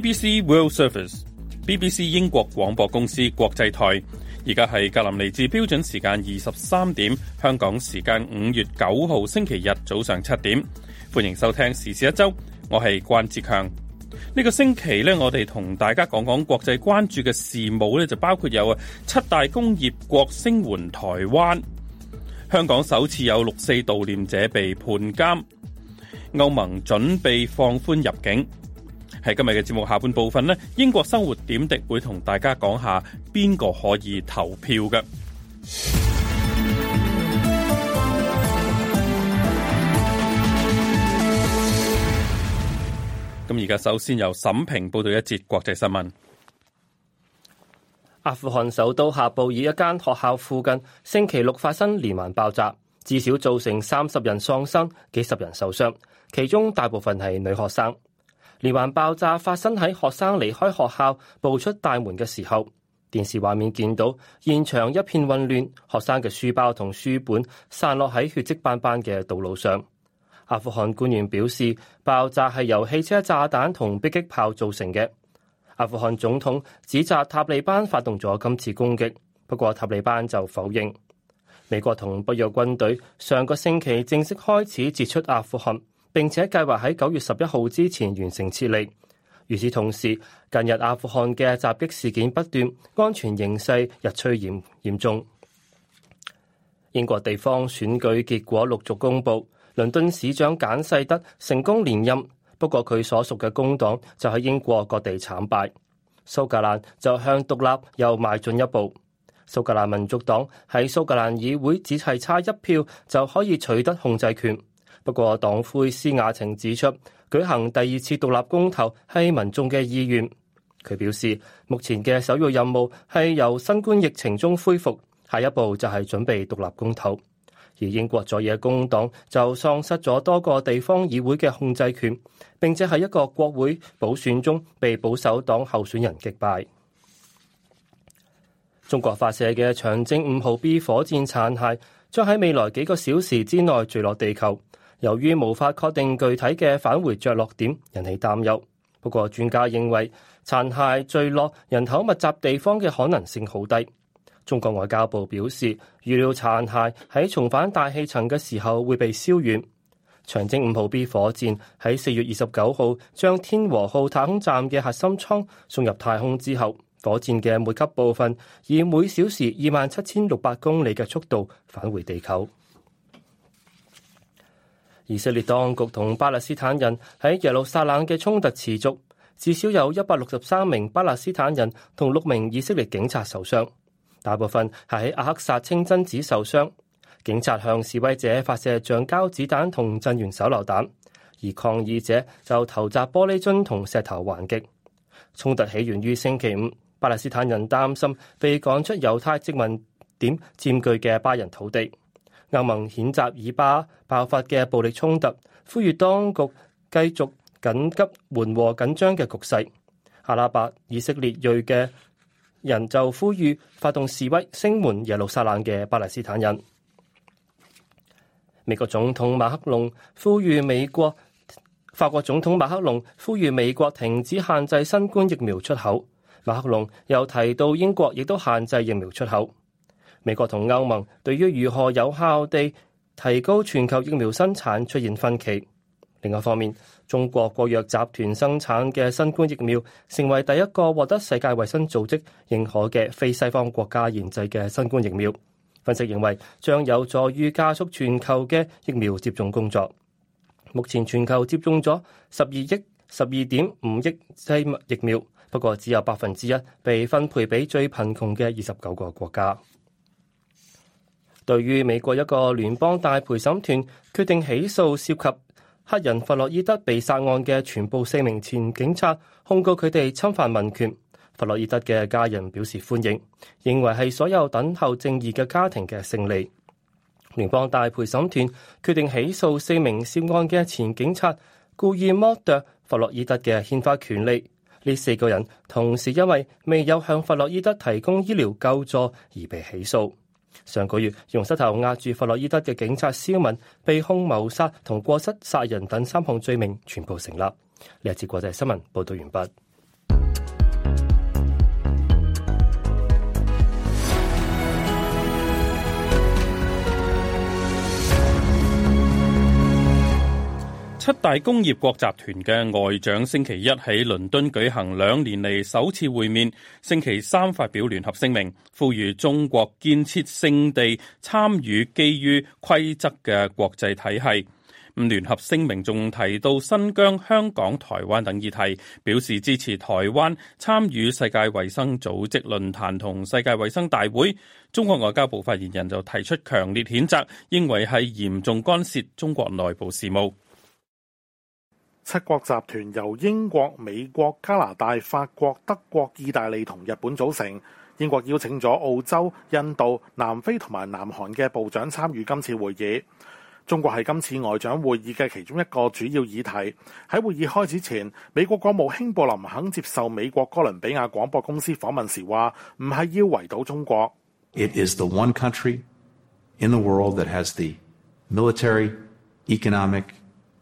BBC World Service，BBC 英國廣播公司國際台。而家係格林尼治標準時間二十三點，香港時間五月九號星期日早上七點，歡迎收聽時事一周。我係關志強。呢、這個星期咧，我哋同大家講講國際關注嘅事務咧，就包括有啊，七大工業國聲援台灣；香港首次有六四悼念者被判監；歐盟準備放寬入境。喺今日嘅節目下半部分呢，英國生活點滴會同大家講下邊個可以投票嘅。咁而家首先由沈平報道一節國際新聞。阿富汗首都喀布爾一間學校附近，星期六發生連環爆炸，至少造成三十人喪生，幾十人受傷，其中大部分係女學生。連環爆炸發生喺學生離開學校步出大門嘅時候，電視畫面見到現場一片混亂，學生嘅書包同書本散落喺血跡斑斑嘅道路上。阿富汗官員表示，爆炸係由汽車炸彈同迫擊炮造成嘅。阿富汗總統指責塔利班發動咗今次攻擊，不過塔利班就否認。美國同北約軍隊上個星期正式開始撤出阿富汗。並且計劃喺九月十一號之前完成撤離。與此同時，近日阿富汗嘅襲擊事件不斷，安全形勢日趨嚴嚴重。英國地方選舉結果陸續公佈，倫敦市長簡世德成功連任，不過佢所屬嘅工黨就喺英國各地慘敗。蘇格蘭就向獨立又邁進一步，蘇格蘭民族黨喺蘇格蘭議會只係差一票就可以取得控制權。不過，黨魁施雅晴指出，舉行第二次獨立公投係民眾嘅意願。佢表示，目前嘅首要任務係由新冠疫情中恢復，下一步就係準備獨立公投。而英國在野工黨就喪失咗多個地方議會嘅控制權，並且喺一個國會補選中被保守黨候選人擊敗。中國發射嘅長征五號 B 火箭殘骸將喺未來幾個小時之內墜落地球。由於無法確定具體嘅返回着落點，引起擔憂。不過專家認為殘骸墜落人口密集地方嘅可能性好低。中國外交部表示，預料殘骸喺重返大氣層嘅時候會被燒軟。長征五號 B 火箭喺四月二十九號將天和號太空站嘅核心艙送入太空之後，火箭嘅每級部分以每小時二萬七千六百公里嘅速度返回地球。以色列當局同巴勒斯坦人喺耶路撒冷嘅衝突持續，至少有一百六十三名巴勒斯坦人同六名以色列警察受傷，大部分係喺阿克薩清真寺受傷。警察向示威者發射橡膠子彈同震源手榴彈，而抗議者就投擲玻璃樽同石頭還擊。衝突起源於星期五，巴勒斯坦人擔心被趕出猶太殖民點佔據嘅巴人土地。歐盟譴責以巴爆發嘅暴力衝突，呼籲當局繼續緊急緩和緊張嘅局勢。阿拉伯、以色列裔嘅人就呼籲發動示威，聲援耶路撒冷嘅巴勒斯坦人。美國總統馬克龍呼籲美國，法國總統馬克龍呼籲美國停止限制新冠疫苗出口。馬克龍又提到英國亦都限制疫苗出口。美國同歐盟對於如何有效地提高全球疫苗生產出現分歧。另外方面，中國國藥集團生產嘅新冠疫苗成為第一個獲得世界衛生組織認可嘅非西方國家研製嘅新冠疫苗。分析認為，將有助於加速全球嘅疫苗接種工作。目前全球接種咗十二億十二點五億劑疫苗，不過只有百分之一被分配俾最貧窮嘅二十九個國家。對於美國一個聯邦大陪審團決定起訴涉及黑人弗洛伊德被殺案嘅全部四名前警察，控告佢哋侵犯民權，弗洛伊德嘅家人表示歡迎，認為係所有等候正義嘅家庭嘅勝利。聯邦大陪審團決定起訴四名涉案嘅前警察，故意剝奪弗洛伊德嘅憲法權利。呢四個人同時因為未有向弗洛伊德提供醫療救助而被起訴。上個月用膝頭壓住弗洛伊德嘅警察肖文，被控謀殺同過失殺人等三項罪名全部成立。呢一次國際新聞報道完畢。七大工業國集團嘅外長星期一喺倫敦舉行兩年嚟首次會面，星期三發表聯合聲明，呼籲中國建設性地參與基於規則嘅國際體系。咁聯合聲明仲提到新疆、香港、台灣等議題，表示支持台灣參與世界衛生組織論壇同世界衛生大會。中國外交部發言人就提出強烈譴責，認為係嚴重干涉中國內部事務。七國集團由英國、美國、加拿大、法國、德國、意大利同日本組成。英國邀請咗澳洲、印度、南非同埋南韓嘅部長參與今次會議。中國係今次外長會議嘅其中一個主要議題。喺會議開始前，美國國務卿布林肯接受美國哥倫比亞廣播公司訪問時話：唔係要圍堵中國。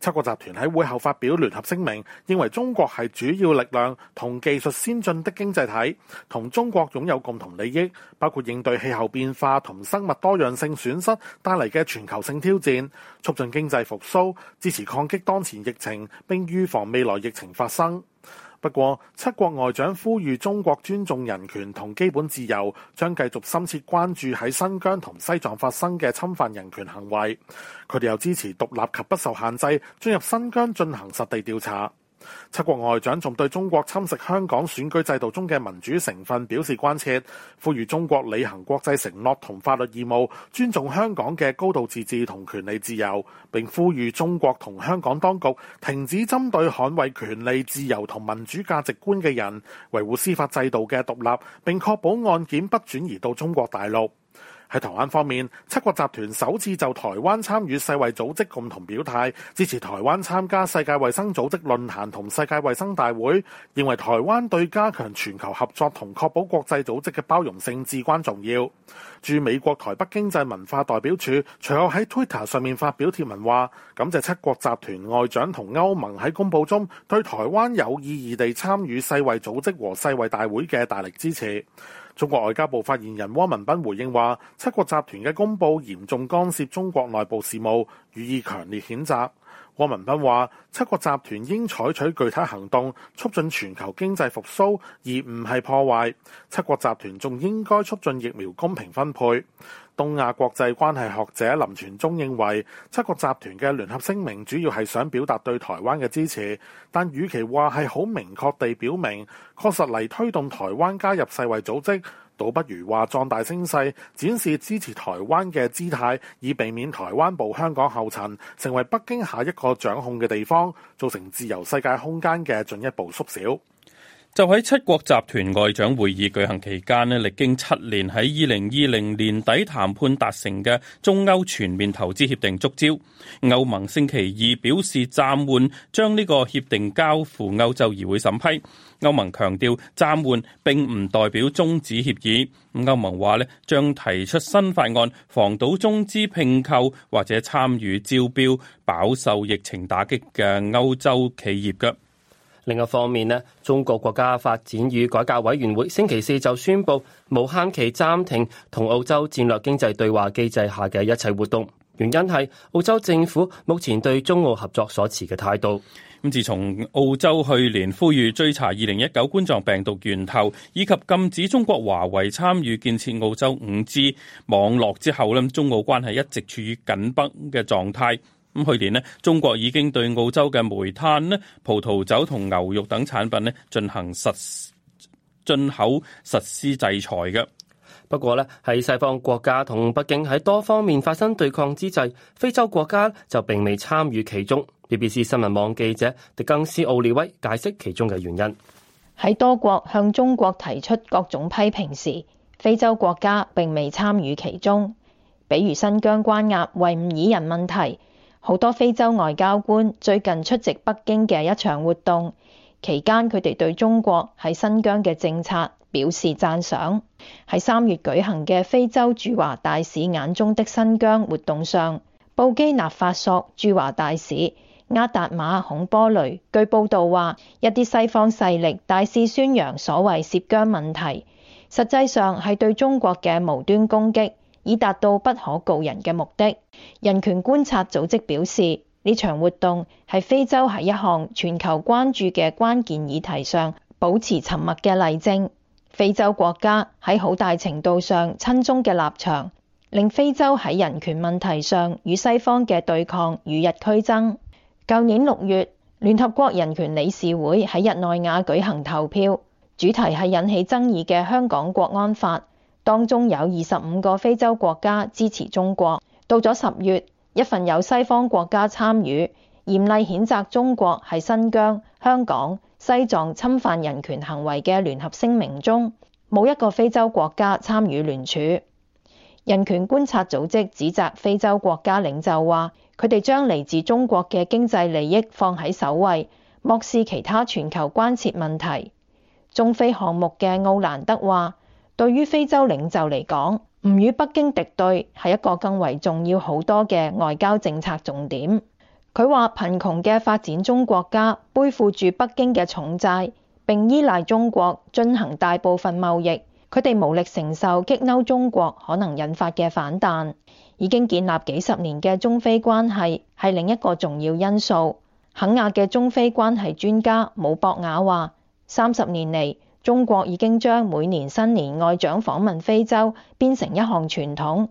七國集團喺會後發表聯合聲明，認為中國係主要力量同技術先進的經濟體，同中國擁有共同利益，包括應對氣候變化同生物多樣性損失帶嚟嘅全球性挑戰，促進經濟復甦，支持抗擊當前疫情，並預防未來疫情發生。不過，七國外長呼籲中國尊重人權同基本自由，將繼續深切關注喺新疆同西藏發生嘅侵犯人權行為。佢哋又支持獨立及不受限制進入新疆進行實地調查。七國外長仲對中國侵蝕香港選舉制度中嘅民主成分表示關切，呼籲中國履行國際承諾同法律義務，尊重香港嘅高度自治同權利自由，並呼籲中國同香港當局停止針對捍衞權利自由同民主價值觀嘅人，維護司法制度嘅獨立，並確保案件不轉移到中國大陸。喺台灣方面，七國集團首次就台灣參與世衛組織共同表態，支持台灣參加世界衛生組織論壇同世界衛生大會，認為台灣對加強全球合作同確保國際組織嘅包容性至關重要。駐美國台北經濟文化代表處隨後喺 Twitter 上面發表貼文話：感謝七國集團外長同歐盟喺公佈中對台灣有意義地參與世衛組織和世衛大會嘅大力支持。中國外交部發言人汪文斌回應話：七國集團嘅公佈嚴重干涉中國內部事務，予以強烈譴責。汪文斌話：七國集團應採取具體行動，促進全球經濟復甦，而唔係破壞。七國集團仲應該促進疫苗公平分配。東亞國際關係學者林傳忠認為，七國集團嘅聯合聲明主要係想表達對台灣嘅支持，但與其話係好明確地表明確實嚟推動台灣加入世衛組織，倒不如話壯大聲勢，展示支持台灣嘅姿態，以避免台灣步香港後塵成為北京下一個掌控嘅地方，造成自由世界空間嘅進一步縮小。就喺七國集團外長會議舉行期間咧，歷經七年喺二零二零年底談判達成嘅中歐全面投資協定，觸礁。歐盟星期二表示暫緩將呢個協定交付歐洲議會審批。歐盟強調暫緩並唔代表終止協議。咁歐盟話咧，將提出新法案，防堵中資併購或者參與招標飽受疫情打擊嘅歐洲企業嘅。另一方面咧，中國國家發展與改革委員會星期四就宣布無限期暫停同澳洲戰略經濟對話機制下嘅一切活動，原因係澳洲政府目前對中澳合作所持嘅態度。咁自從澳洲去年呼籲追查二零一九冠狀病毒源頭，以及禁止中國華為參與建設澳洲五 G 網絡之後咧，中澳關係一直處於緊繃嘅狀態。咁去年呢，中國已經對澳洲嘅煤炭呢、葡萄酒同牛肉等產品呢進行實進口實施制裁嘅。不過呢，喺西方國家同北京喺多方面發生對抗之際，非洲國家就並未參與其中。BBC 新聞網記者迪更斯奧利威解釋其中嘅原因，喺多國向中國提出各種批評時，非洲國家並未參與其中，比如新疆關押維吾爾人問題。好多非洲外交官最近出席北京嘅一場活動期間，佢哋對中國喺新疆嘅政策表示讚賞。喺三月舉行嘅非洲駐華大使眼中的新疆活動上，布基納法索駐華大使阿達馬孔波雷據報道話一啲西方勢力大肆宣揚所謂涉疆問題，實際上係對中國嘅無端攻擊。以達到不可告人嘅目的。人權觀察組織表示，呢場活動係非洲喺一項全球關注嘅關鍵議題上保持沉默嘅例證。非洲國家喺好大程度上親中嘅立場，令非洲喺人權問題上與西方嘅對抗與日俱增。舊年六月，聯合國人權理事會喺日內瓦舉行投票，主題係引起爭議嘅香港國安法。當中有二十五個非洲國家支持中國。到咗十月，一份有西方國家參與、嚴厲譴責中國喺新疆、香港、西藏侵犯人權行為嘅聯合聲明中，冇一個非洲國家參與聯署。人權觀察組織指責非洲國家領袖話：佢哋將嚟自中國嘅經濟利益放喺首位，漠視其他全球關切問題。中非項目嘅奧蘭德話。對於非洲領袖嚟講，唔與北京敵對係一個更為重要好多嘅外交政策重點。佢話：貧窮嘅發展中國家背負住北京嘅重債，並依賴中國進行大部分貿易，佢哋無力承受激嬲中國可能引發嘅反彈。已經建立幾十年嘅中非關係係另一個重要因素。肯亞嘅中非關係專家姆博雅話：三十年嚟。中國已經將每年新年外長訪問非洲變成一項傳統，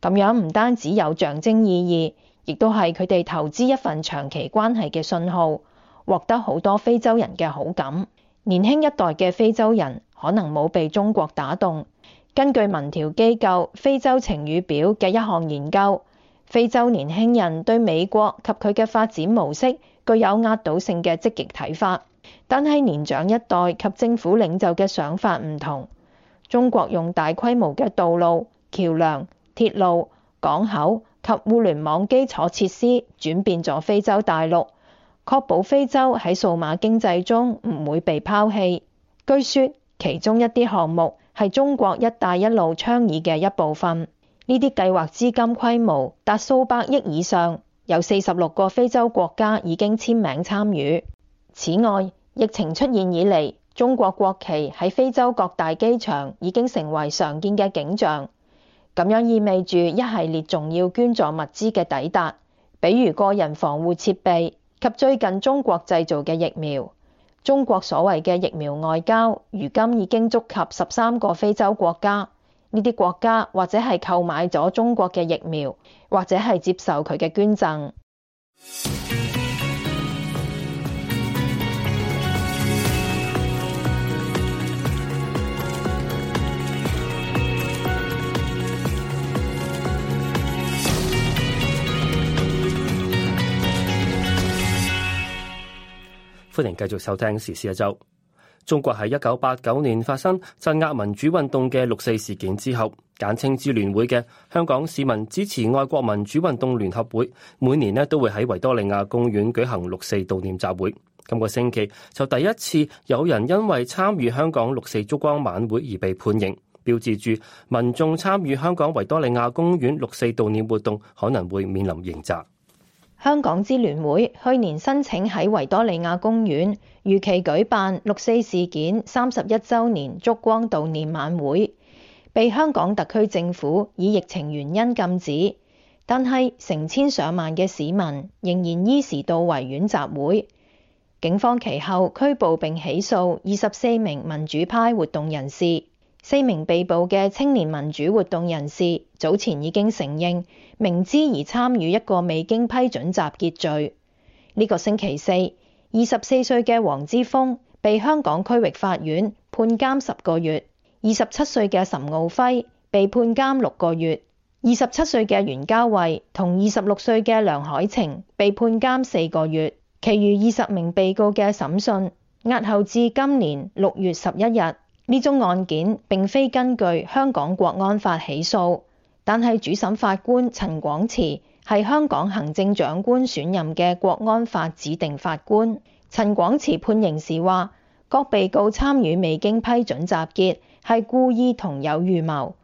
咁樣唔單止有象徵意義，亦都係佢哋投資一份長期關係嘅信號，獲得好多非洲人嘅好感。年輕一代嘅非洲人可能冇被中國打動。根據民調機構非洲晴雨表嘅一項研究，非洲年輕人對美國及佢嘅發展模式具有壓倒性嘅積極睇法。但係年長一代及政府領袖嘅想法唔同。中國用大規模嘅道路、橋樑、鐵路、港口及互聯網基礎設施，轉變咗非洲大陸，確保非洲喺數碼經濟中唔會被拋棄。據說其中一啲項目係中國一帶一路倡議嘅一部分。呢啲計劃資金規模達數百億以上，有四十六個非洲國家已經簽名參與。此外，疫情出現以嚟，中國國旗喺非洲各大機場已經成為常見嘅景象。咁樣意味住一系列重要捐助物資嘅抵達，比如個人防護設備及最近中國製造嘅疫苗。中國所謂嘅疫苗外交，如今已經觸及十三個非洲國家。呢啲國家或者係購買咗中國嘅疫苗，或者係接受佢嘅捐贈。歡迎繼續收聽時事一周。中國喺一九八九年發生鎮壓民主運動嘅六四事件之後，簡稱之聯會嘅香港市民支持愛國民主運動聯合會，每年呢都會喺維多利亞公園舉行六四悼念集會。今個星期就第一次有人因為參與香港六四燭光晚會而被判刑，標誌住民眾參與香港維多利亞公園六四悼念活動可能會面臨刑責。香港支聯會去年申請喺維多利亞公園如期舉辦六四事件三十一週年燭光悼念晚會，被香港特區政府以疫情原因禁止。但係成千上萬嘅市民仍然依時到維園集會，警方其後拘捕並起訴二十四名民主派活動人士。四名被捕嘅青年民主活動人士早前已經承認明知而參與一個未經批准集結罪。呢個星期四，二十四歲嘅黃之鋒被香港區域法院判監十個月；二十七歲嘅岑敖暉被判監六個月；二十七歲嘅袁嘉蔚同二十六歲嘅梁海晴被判監四個月。其餘二十名被告嘅審訊押後至今年六月十一日。呢宗案件並非根據香港國安法起訴，但係主審法官陳廣慈係香港行政長官選任嘅國安法指定法官。陳廣慈判刑時話，各被告參與未經批准集結，係故意同有預謀，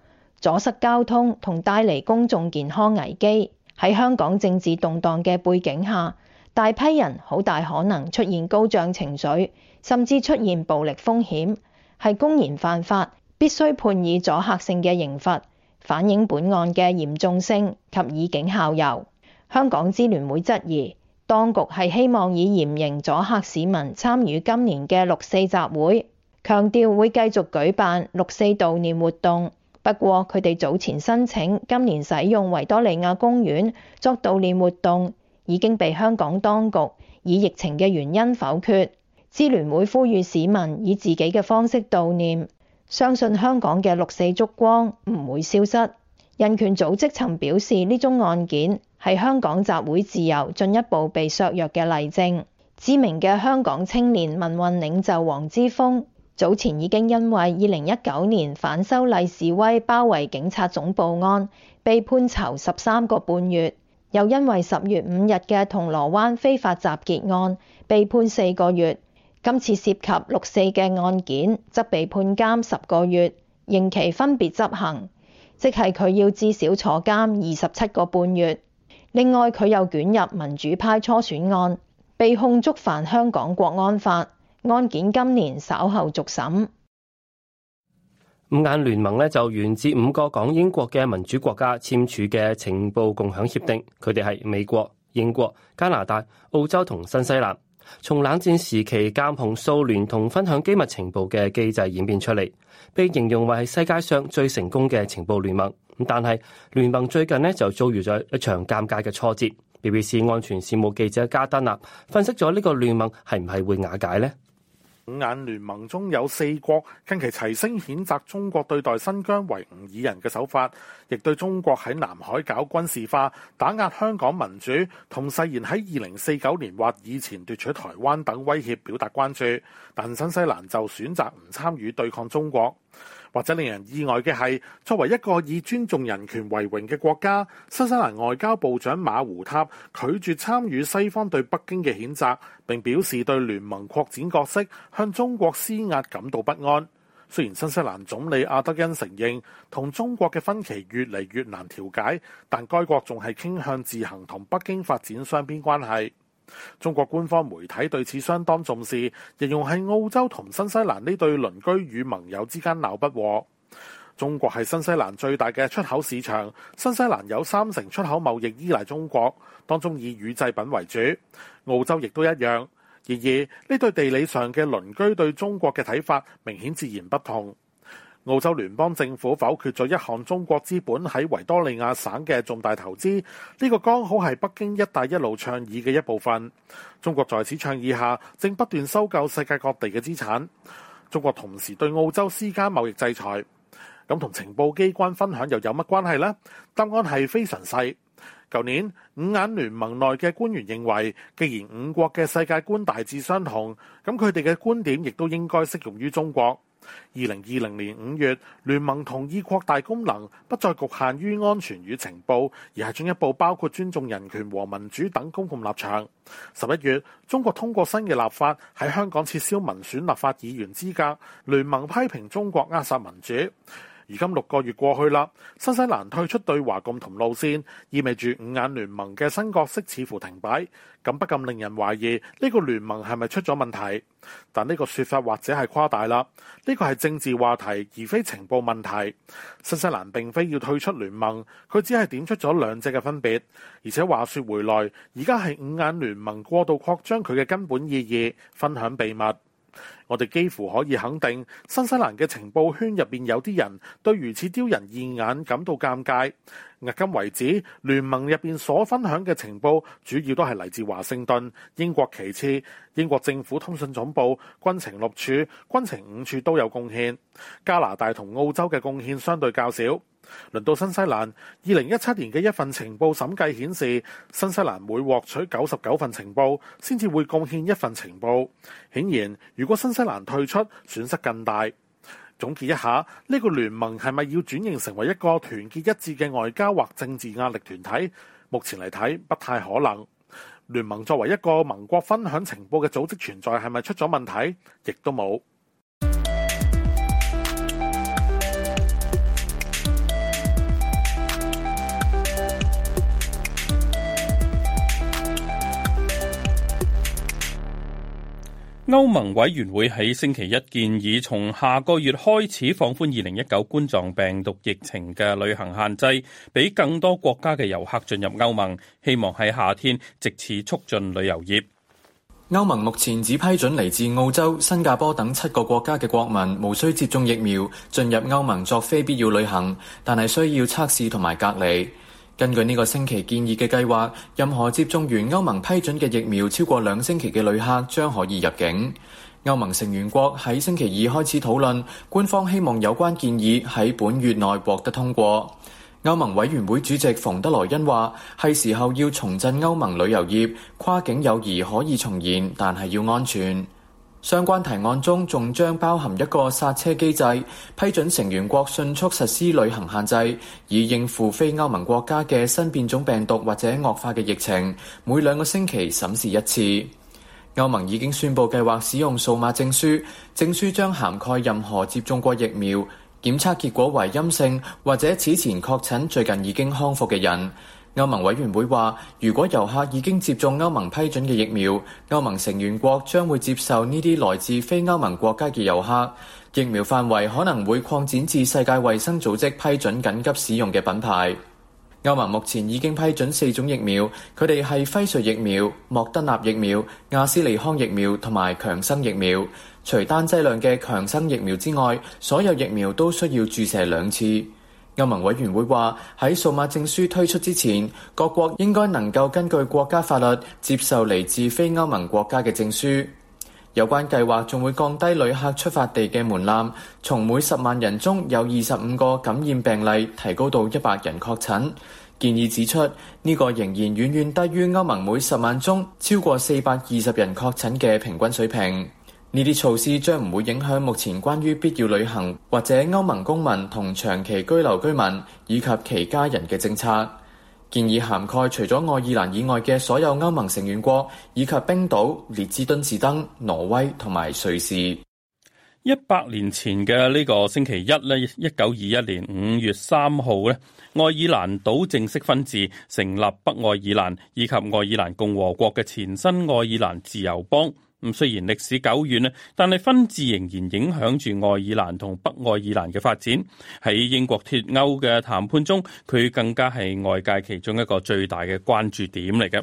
阻塞交通同帶嚟公眾健康危機。喺香港政治動盪嘅背景下，大批人好大可能出現高漲情緒，甚至出現暴力風險。係公然犯法，必須判以阻嚇性嘅刑罰，反映本案嘅嚴重性及以儆效尤。香港支聯會質疑當局係希望以嚴刑阻嚇市民參與今年嘅六四集會，強調會繼續舉辦六四悼念活動。不過佢哋早前申請今年使用維多利亞公園作悼念活動，已經被香港當局以疫情嘅原因否決。支聯會呼籲市民以自己嘅方式悼念，相信香港嘅六四燭光唔會消失。人權組織曾表示，呢宗案件係香港集會自由進一步被削弱嘅例證。知名嘅香港青年民運領袖黃之鋒早前已經因為二零一九年反修例示威包圍警察總部案，被判囚十三個半月，又因為十月五日嘅銅鑼灣非法集結案，被判四個月。今次涉及六四嘅案件，則被判監十個月，刑期分別執行，即係佢要至少坐監二十七個半月。另外，佢又捲入民主派初選案，被控觸犯香港國安法，案件今年稍後續審。五眼聯盟咧就源自五個講英語嘅民主國家簽署嘅情報共享協定，佢哋係美國、英國、加拿大、澳洲同新西蘭。從冷戰時期監控、蘇聯同分享機密情報嘅機制演變出嚟，被形容為世界上最成功嘅情報聯盟。但係聯盟最近呢，就遭遇咗一場尷尬嘅挫折。BBC 安全事務記者加丹納分析咗呢個聯盟係唔係會瓦解呢？五眼聯盟中有四國近期齊聲譴責中國對待新疆維吾爾人嘅手法，亦對中國喺南海搞軍事化、打壓香港民主，同誓言喺二零四九年或以前奪取台灣等威脅表達關注，但新西蘭就選擇唔參與對抗中國。或者令人意外嘅係，作為一個以尊重人權為榮嘅國家，新西蘭外交部長馬胡塔拒，拒絕參與西方對北京嘅譴責，並表示對聯盟擴展角色向中國施壓感到不安。雖然新西蘭總理阿德恩承認同中國嘅分歧越嚟越難調解，但該國仲係傾向自行同北京發展雙邊關係。中國官方媒體對此相當重視，形容係澳洲同新西蘭呢對鄰居與盟友之間鬧不和。中國係新西蘭最大嘅出口市場，新西蘭有三成出口貿易依賴中國，當中以乳製品為主。澳洲亦都一樣，然而呢對地理上嘅鄰居對中國嘅睇法明顯截然不同。澳洲聯邦政府否決咗一項中國資本喺維多利亞省嘅重大投資，呢個剛好係北京“一帶一路”倡議嘅一部分。中國在此倡議下，正不斷收購世界各地嘅資產。中國同時對澳洲施加貿易制裁，咁同情報機關分享又有乜關係呢？答案係非常細。舊年五眼聯盟內嘅官員認為，既然五國嘅世界觀大致相同，咁佢哋嘅觀點亦都應該適用於中國。二零二零年五月，聯盟同意擴大功能，不再局限於安全與情報，而係進一步包括尊重人權和民主等公共立場。十一月，中國通過新嘅立法，喺香港撤銷民選立法議員資格，聯盟批評中國扼殺民主。如今六個月過去啦，新西蘭退出對華共同路線，意味住五眼聯盟嘅新角色似乎停擺。咁不禁令人懷疑呢個聯盟係咪出咗問題？但呢個說法或者係誇大啦。呢個係政治話題，而非情報問題。新西蘭並非要退出聯盟，佢只係點出咗兩者嘅分別。而且話說回來，而家係五眼聯盟過度擴張佢嘅根本意義，分享秘密。我哋幾乎可以肯定，新西蘭嘅情報圈入邊有啲人對如此丟人現眼感到尷尬。迄今為止，聯盟入邊所分享嘅情報，主要都係嚟自華盛頓、英國其次，英國政府通訊總部、軍情六處、軍情五處都有貢獻。加拿大同澳洲嘅貢獻相對較少。輪到新西蘭，二零一七年嘅一份情報審計顯示，新西蘭每獲取九十九份情報，先至會貢獻一份情報。顯然，如果新西蘭退出，損失更大。總結一下，呢個聯盟係咪要轉型成為一個團結一致嘅外交或政治壓力團體？目前嚟睇，不太可能。聯盟作為一個盟國分享情報嘅組織存在係咪出咗問題？亦都冇。歐盟委員會喺星期一建議，從下個月開始放寬二零一九冠狀病毒疫情嘅旅行限制，俾更多國家嘅遊客進入歐盟。希望喺夏天，藉此促進旅遊業。歐盟目前只批准，嚟自澳洲、新加坡等七個國家嘅國民，無需接種疫苗進入歐盟作非必要旅行，但係需要測試同埋隔離。根據呢個星期建議嘅計劃，任何接種完歐盟批准嘅疫苗超過兩星期嘅旅客將可以入境。歐盟成員國喺星期二開始討論，官方希望有關建議喺本月內獲得通過。歐盟委員會主席馮德萊恩話，係時候要重振歐盟旅遊業，跨境友誼可以重現，但係要安全。相關提案中仲將包含一個剎車機制，批准成員國迅速實施旅行限制，以應付非歐盟國家嘅新變種病毒或者惡化嘅疫情。每兩個星期審視一次。歐盟已經宣佈計劃使用數碼證書，證書將涵蓋任何接種過疫苗、檢測結果為陰性，或者此前確診最近已經康復嘅人。歐盟委員會話，如果遊客已經接種歐盟批准嘅疫苗，歐盟成員國將會接受呢啲來自非歐盟國家嘅遊客。疫苗範圍可能會擴展至世界衛生組織批准緊急使用嘅品牌。歐盟目前已經批准四種疫苗，佢哋係輝瑞疫苗、莫德納疫苗、亞斯利康疫苗同埋強生疫苗。除單劑量嘅強生疫苗之外，所有疫苗都需要注射兩次。歐盟委員會話，喺數碼證書推出之前，各國應該能夠根據國家法律接受嚟自非歐盟國家嘅證書。有關計劃仲會降低旅客出發地嘅門檻，從每十萬人中有二十五個感染病例提高到一百人確診。建議指出，呢個仍然遠遠低於歐盟每十萬中超過四百二十人確診嘅平均水平。呢啲措施將唔會影響目前關於必要旅行或者歐盟公民同長期居留居民以及其家人嘅政策。建議涵蓋除咗愛爾蘭以外嘅所有歐盟成員國，以及冰島、列支敦士登、挪威同埋瑞士。一百年前嘅呢個星期一呢，一九二一年五月三號呢，愛爾蘭島正式分治，成立北愛爾蘭以及愛爾蘭共和國嘅前身愛爾蘭自由邦。咁雖然歷史久遠，但係分治仍然影響住愛爾蘭同北愛爾蘭嘅發展。喺英國脫歐嘅談判中，佢更加係外界其中一個最大嘅關注點嚟嘅。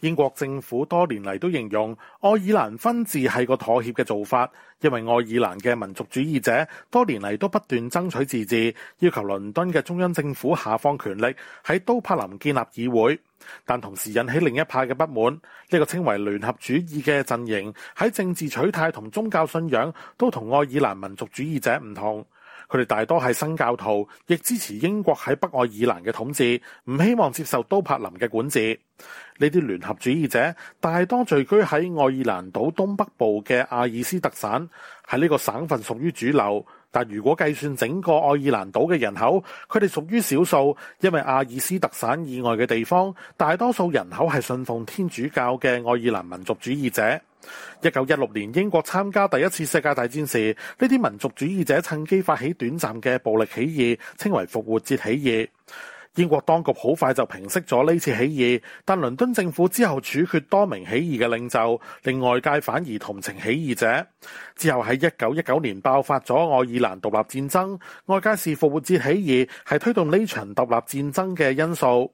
英國政府多年嚟都形容愛爾蘭分治係個妥協嘅做法，因為愛爾蘭嘅民族主義者多年嚟都不斷爭取自治，要求倫敦嘅中央政府下放權力喺都柏林建立議會，但同時引起另一派嘅不滿。呢個稱為聯合主義嘅陣營喺政治取態同宗教信仰都同愛爾蘭民族主義者唔同。佢哋大多係新教徒，亦支持英國喺北愛爾蘭嘅統治，唔希望接受都柏林嘅管治。呢啲聯合主義者大多聚居喺愛爾蘭島東北部嘅阿爾斯特省，喺呢個省份屬於主流。但如果計算整個愛爾蘭島嘅人口，佢哋屬於少數，因為阿爾斯特省以外嘅地方，大多數人口係信奉天主教嘅愛爾蘭民族主義者。一九一六年英國參加第一次世界大戰時，呢啲民族主義者趁機發起短暫嘅暴力起義，稱為復活節起義。英國當局好快就平息咗呢次起義，但倫敦政府之後處決多名起義嘅領袖，令外界反而同情起義者。之後喺一九一九年爆發咗愛爾蘭獨立戰爭，外界視復活節起義係推動呢場獨立戰爭嘅因素。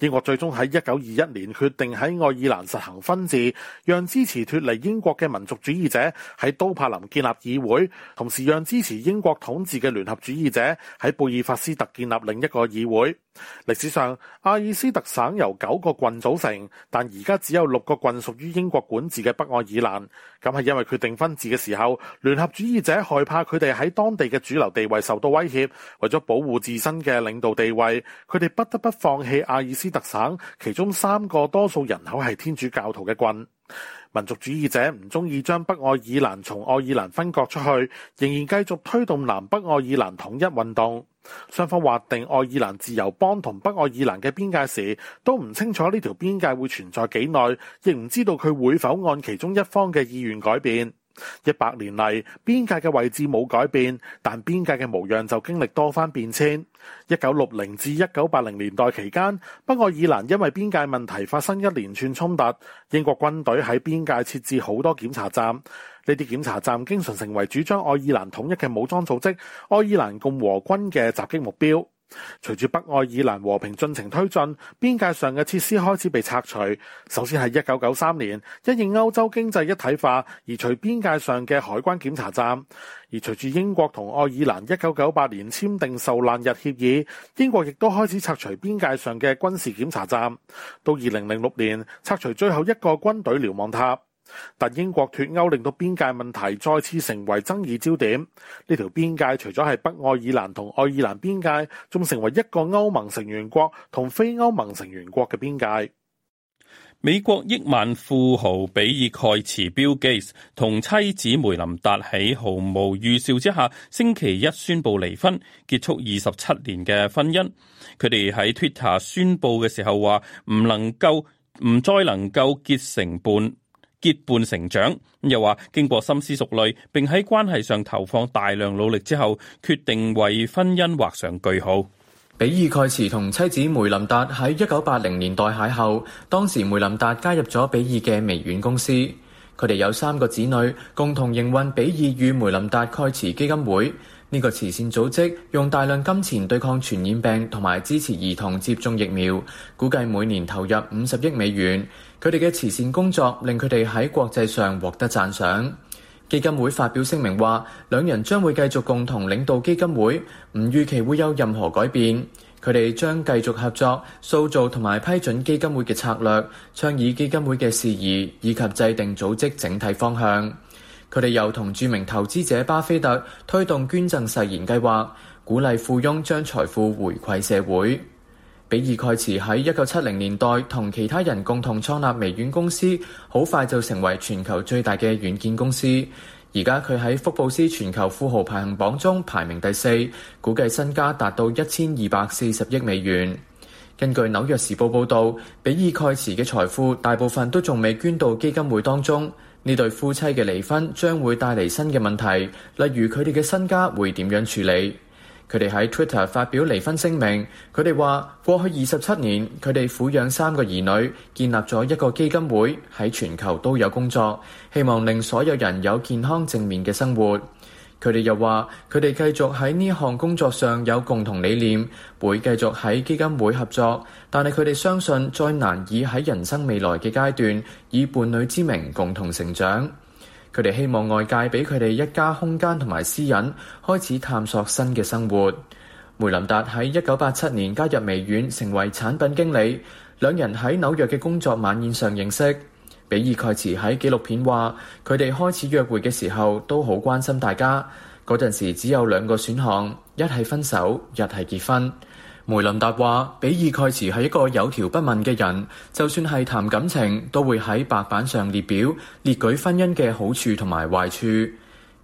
英國最終喺一九二一年決定喺愛爾蘭實行分治，讓支持脱離英國嘅民族主義者喺都柏林建立議會，同時讓支持英國統治嘅聯合主義者喺貝爾法斯特建立另一個議會。歷史上，阿爾斯特省由九個郡組成，但而家只有六個郡屬於英國管治嘅北愛爾蘭。咁係因為決定分治嘅時候，聯合主義者害怕佢哋喺當地嘅主流地位受到威脅，為咗保護自身嘅領導地位，佢哋不得不放棄阿爾斯特省其中三個多數人口係天主教徒嘅郡。民族主義者唔中意將北愛爾蘭從愛爾蘭分割出去，仍然繼續推動南北愛爾蘭統一運動。雙方劃定愛爾蘭自由邦同北愛爾蘭嘅邊界時，都唔清楚呢條邊界會存在幾耐，亦唔知道佢會否按其中一方嘅意願改變。一百年嚟，邊界嘅位置冇改變，但邊界嘅模樣就經歷多番變遷。一九六零至一九八零年代期間，北愛爾蘭因為邊界問題發生一連串衝突，英國軍隊喺邊界設置好多檢查站，呢啲檢查站經常成為主張愛爾蘭統一嘅武裝組織愛爾蘭共和軍嘅襲擊目標。隨住北愛爾蘭和平進程推進，邊界上嘅設施開始被拆除。首先係一九九三年，因應歐洲經濟一體化，移除邊界上嘅海關檢查站；而隨住英國同愛爾蘭一九九八年簽訂受難日協議，英國亦都開始拆除邊界上嘅軍事檢查站。到二零零六年，拆除最後一個軍隊瞭望塔。但英國脱歐令到邊界問題再次成為爭議焦點。呢條邊界除咗係北愛爾蘭同愛爾蘭邊界，仲成為一個歐盟成員國同非歐盟成員國嘅邊界。美國億萬富豪比爾蓋茨 Bill Gates 同妻子梅琳達喺毫無預兆之下，星期一宣布離婚，結束二十七年嘅婚姻。佢哋喺 Twitter 宣布嘅時候話唔能夠，唔再能夠結成伴。結伴成長，又話經過深思熟慮，並喺關係上投放大量努力之後，決定為婚姻畫上句號。比爾蓋茨同妻子梅琳達喺一九八零年代邂逅，當時梅琳達加入咗比爾嘅微軟公司。佢哋有三個子女，共同營運比爾與梅琳達蓋茨基金會。呢個慈善組織用大量金錢對抗傳染病，同埋支持兒童接種疫苗，估計每年投入五十億美元。佢哋嘅慈善工作令佢哋喺國際上獲得讚賞。基金會發表聲明話，兩人將會繼續共同領導基金會，唔預期會有任何改變。佢哋將繼續合作，塑造同埋批准基金會嘅策略，倡議基金會嘅事宜，以及制定組織整體方向。佢哋又同著名投資者巴菲特推動捐贈誓言計劃，鼓勵富翁將財富回饋社會。比爾蓋茨喺一九七零年代同其他人共同創立微軟公司，好快就成為全球最大嘅軟件公司。而家佢喺福布斯全球富豪排行榜中排名第四，估計身家達到一千二百四十億美元。根據紐約時報報道，比爾蓋茨嘅財富大部分都仲未捐到基金會當中。呢對夫妻嘅離婚將會帶嚟新嘅問題，例如佢哋嘅身家會點樣處理？佢哋喺 Twitter 發表離婚聲明。佢哋話：過去二十七年，佢哋撫養三個兒女，建立咗一個基金會，喺全球都有工作，希望令所有人有健康正面嘅生活。佢哋又話：佢哋繼續喺呢項工作上有共同理念，會繼續喺基金會合作。但係佢哋相信，再難以喺人生未來嘅階段，以伴侶之名共同成長。佢哋希望外界俾佢哋一家空間同埋私隱，開始探索新嘅生活。梅琳達喺一九八七年加入微軟，成為產品經理。兩人喺紐約嘅工作晚宴上認識。比爾蓋茨喺紀錄片話：佢哋開始約會嘅時候都好關心大家。嗰陣時只有兩個選項，一係分手，一係結婚。梅林達話，比爾蓋茨係一個有條不紊嘅人，就算係談感情，都會喺白板上列表列舉婚姻嘅好處同埋壞處。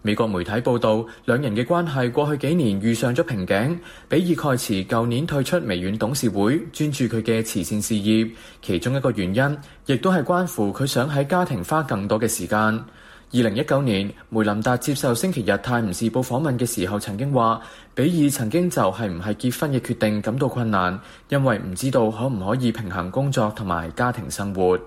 美國媒體報道，兩人嘅關係過去幾年遇上咗瓶頸。比爾蓋茨舊年退出微軟董事會，專注佢嘅慈善事業，其中一個原因，亦都係關乎佢想喺家庭花更多嘅時間。二零一九年，梅琳達接受星期日泰晤士報訪問嘅時候，曾經話：比爾曾經就係唔係結婚嘅決定感到困難，因為唔知道可唔可以平衡工作同埋家庭生活。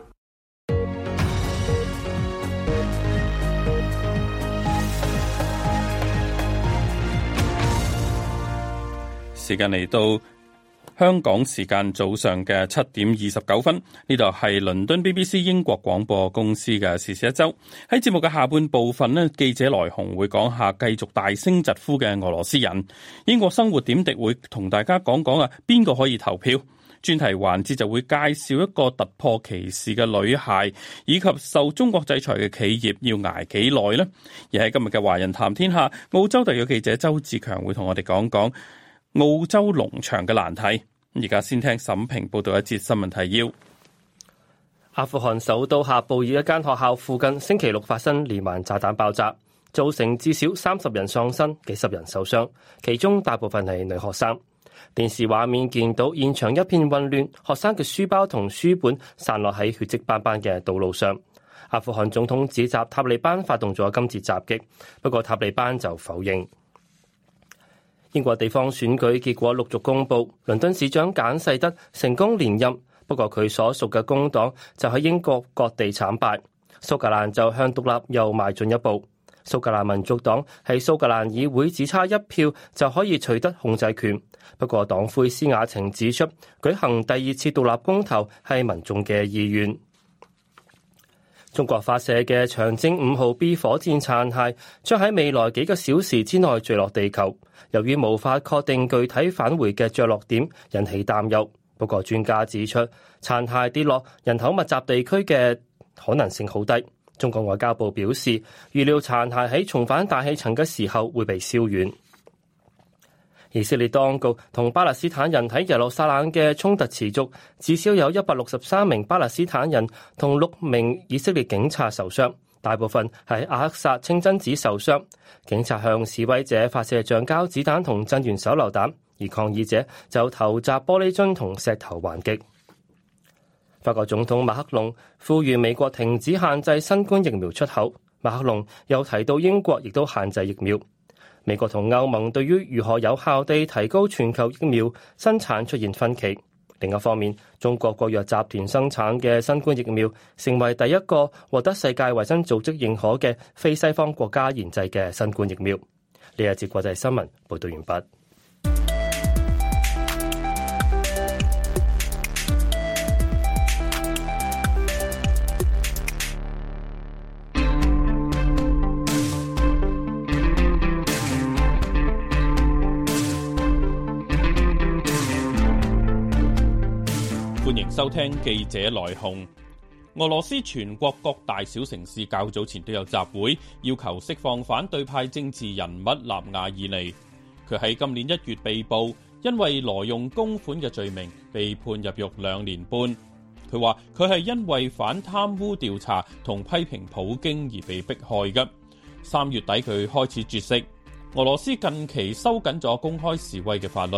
時間嚟到。香港時間早上嘅七點二十九分，呢度係倫敦 BBC 英國廣播公司嘅時事一周。喺節目嘅下半部分咧，記者來鴻會講下繼續大聲疾呼嘅俄羅斯人。英國生活點滴會同大家講講啊，邊個可以投票？專題環節就會介紹一個突破歧視嘅女孩，以及受中國制裁嘅企業要捱幾耐呢？而喺今日嘅華人談天下，澳洲特約記者周志強會同我哋講講澳洲農場嘅難題。而家先聽沈平報道一節新聞提要。阿富汗首都喀布爾一間學校附近，星期六發生連環炸彈爆炸，造成至少三十人喪生，幾十人受傷，其中大部分係女學生。電視畫面見到現場一片混亂，學生嘅書包同書本散落喺血跡斑斑嘅道路上。阿富汗總統指責塔利班發動咗今次襲擊，不過塔利班就否認。英國地方選舉結果陸續公布，倫敦市長簡世德成功連任，不過佢所屬嘅工黨就喺英國各地慘敗。蘇格蘭就向獨立又邁進一步，蘇格蘭民族黨喺蘇格蘭議會只差一票就可以取得控制權。不過黨魁施雅晴指出，舉行第二次獨立公投係民眾嘅意願。中國發射嘅長征五號 B 火箭殘骸將喺未來幾個小時之內墜落地球，由於無法確定具體返回嘅着落點，引起擔憂。不過專家指出，殘骸跌落人口密集地區嘅可能性好低。中國外交部表示，預料殘骸喺重返大氣層嘅時候會被燒軟。以色列當局同巴勒斯坦人喺耶路撒冷嘅衝突持續，至少有一百六十三名巴勒斯坦人同六名以色列警察受傷，大部分係阿克薩清真寺受傷。警察向示威者發射橡膠子彈同震源手榴彈，而抗議者就投擲玻璃樽同石頭還擊。法國總統馬克龍呼籲美國停止限制新冠疫苗出口，馬克龍又提到英國亦都限制疫苗。美國同歐盟對於如何有效地提高全球疫苗生產出現分歧。另一方面，中國國藥集團生產嘅新冠疫苗成為第一個獲得世界衛生組織認可嘅非西方國家研製嘅新冠疫苗。呢一節國際新聞，報道完畢。收聽記者來鴻。俄羅斯全國各大小城市，較早前都有集會，要求釋放反對派政治人物納瓦爾尼。佢喺今年一月被捕，因為挪用公款嘅罪名被判入獄兩年半。佢話佢係因為反貪污調查同批評普京而被逼害嘅。三月底佢開始絕食。俄羅斯近期收緊咗公開示威嘅法律。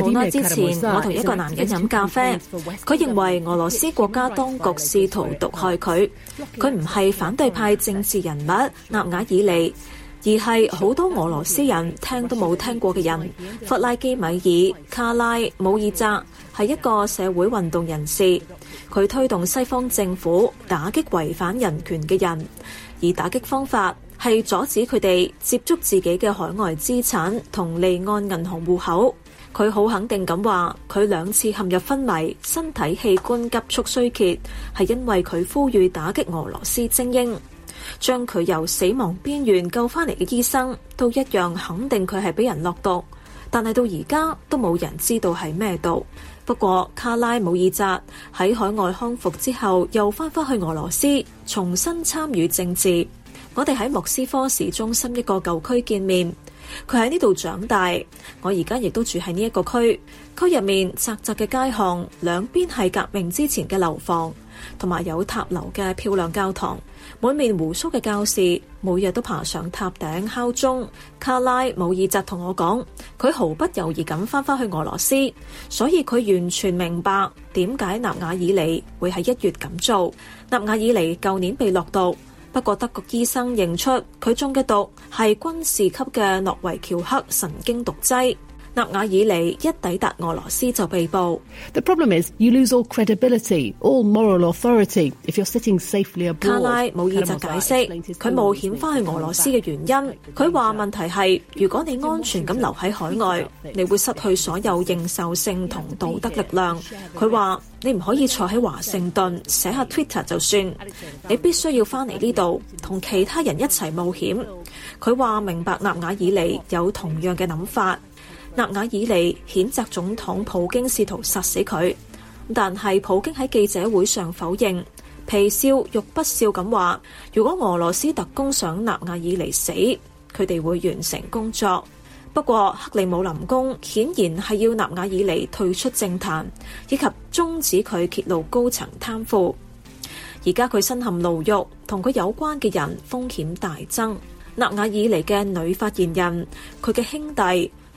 冇耐之前，我同一個男人飲咖啡，佢認為俄羅斯國家當局試圖毒害佢。佢唔係反對派政治人物納瓦爾尼，而係好多俄羅斯人聽都冇聽過嘅人，弗拉基米爾卡拉姆爾澤，係一個社會運動人士。佢推動西方政府打擊違反人權嘅人，而打擊方法係阻止佢哋接觸自己嘅海外資產同離岸銀行戶口。佢好肯定咁話，佢兩次陷入昏迷，身體器官急速衰竭，係因為佢呼籲打擊俄羅斯精英。將佢由死亡邊緣救翻嚟嘅醫生，都一樣肯定佢係俾人落毒，但係到而家都冇人知道係咩毒。不過卡拉姆爾扎喺海外康復之後，又翻返去俄羅斯，重新參與政治。我哋喺莫斯科市中心一個舊區見面。佢喺呢度長大，我而家亦都住喺呢一個區。區入面窄窄嘅街巷，兩邊係革命之前嘅樓房，同埋有塔樓嘅漂亮教堂，滿面胡鬚嘅教士每日都爬上塔頂敲鐘。卡拉姆爾扎同我講，佢毫不猶豫咁翻返去俄羅斯，所以佢完全明白點解納瓦爾尼會喺一月咁做。納瓦爾尼舊年被落毒。不過，德國醫生認出佢中嘅毒係軍事級嘅諾維喬克神經毒劑。納瓦爾尼一抵達俄羅斯就被捕。The problem is you lose all credibility, all moral authority if you're sitting safely abroad。卡拉冇意就解釋佢冒險翻去俄羅斯嘅原因。佢話問題係如果你安全咁留喺海外，你會失去所有認受性同道德力量。佢話，你唔可以坐喺華盛頓寫下 Twitter 就算，你必須要翻嚟呢度同其他人一齊冒險。佢話明白納瓦爾尼有同樣嘅諗法。納瓦爾尼譴責總統普京試圖殺死佢，但係普京喺記者會上否認，皮笑肉不笑咁話：如果俄羅斯特工想納瓦爾尼死，佢哋會完成工作。不過克里姆林宮顯然係要納瓦爾尼退出政壇，以及終止佢揭露高層貪腐。而家佢身陷牢獄，同佢有關嘅人風險大增。納瓦爾尼嘅女發言人，佢嘅兄弟，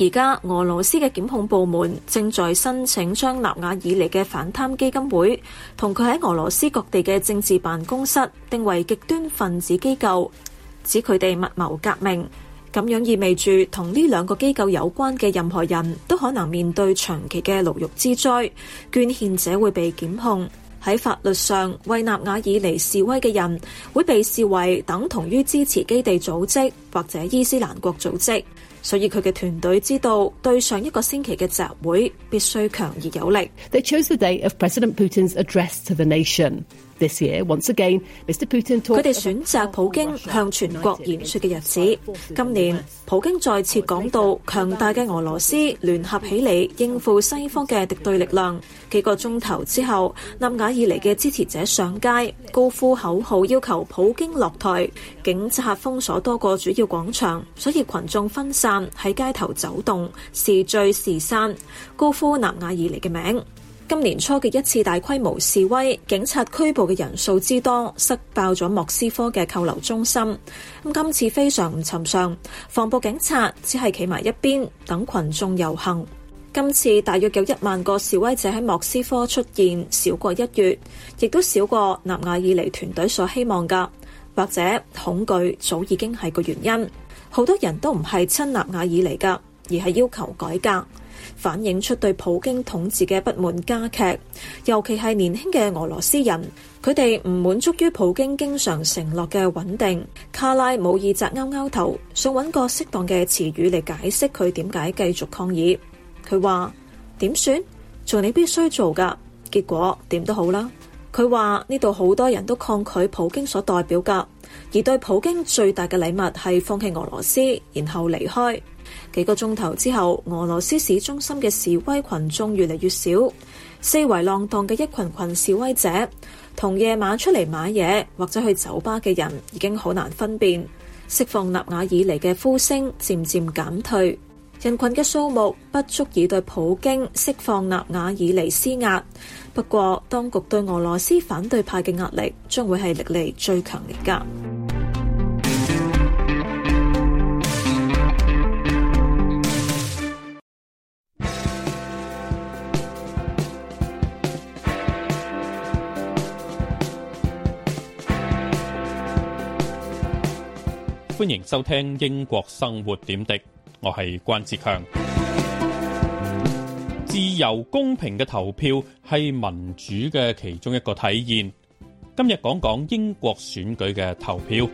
而家俄羅斯嘅檢控部門正在申請將納瓦爾尼嘅反貪基金會同佢喺俄羅斯各地嘅政治辦公室定為極端分子機構，指佢哋密謀革命。咁樣意味住同呢兩個機構有關嘅任何人都可能面對長期嘅牢獄之災。捐獻者會被檢控，喺法律上為納瓦爾尼示威嘅人會被視為等同於支持基地組織或者伊斯蘭國組織。所以佢嘅團隊知道，對上一個星期嘅集會必須強而有力。They chose the day of President Putin's address to the nation. 佢哋選擇普京向全國演說嘅日子。今年普京再次講到強大嘅俄羅斯聯合起嚟應付西方嘅敵對力量。幾個鐘頭之後，納瓦爾尼嘅支持者上街，高呼口號，要求普京落台。警察封鎖多個主要廣場，所以群眾分散喺街頭走動，時聚時散，高呼納瓦爾尼嘅名。今年初嘅一次大規模示威，警察拘捕嘅人數之多，塞爆咗莫斯科嘅扣留中心。咁今次非常唔尋常，防暴警察只係企埋一邊，等群眾遊行。今次大約有一萬個示威者喺莫斯科出現，少過一月，亦都少過納瓦爾尼團隊所希望噶，或者恐懼早已經係個原因，好多人都唔係親納瓦爾尼噶，而係要求改革。反映出對普京統治嘅不滿加劇，尤其係年輕嘅俄羅斯人，佢哋唔滿足於普京經常承諾嘅穩定。卡拉冇意窒勾勾頭，想揾個適當嘅詞語嚟解釋佢點解繼續抗議。佢話：點算？做你必須做㗎。結果點都好啦。佢話呢度好多人都抗拒普京所代表㗎，而對普京最大嘅禮物係放棄俄羅斯，然後離開。幾個鐘頭之後，俄羅斯市中心嘅示威群眾越嚟越少，四圍浪蕩嘅一群群示威者，同夜晚出嚟買嘢或者去酒吧嘅人已經好難分辨。釋放納瓦爾尼嘅呼聲漸漸減退，人群嘅數目不足以對普京釋放納瓦爾尼施壓。不過，當局對俄羅斯反對派嘅壓力將會係歷嚟最強烈㗎。歡迎收聽英國生活點滴，我係關志強。自由公平嘅投票係民主嘅其中一個體現，今日講講英國選舉嘅投票。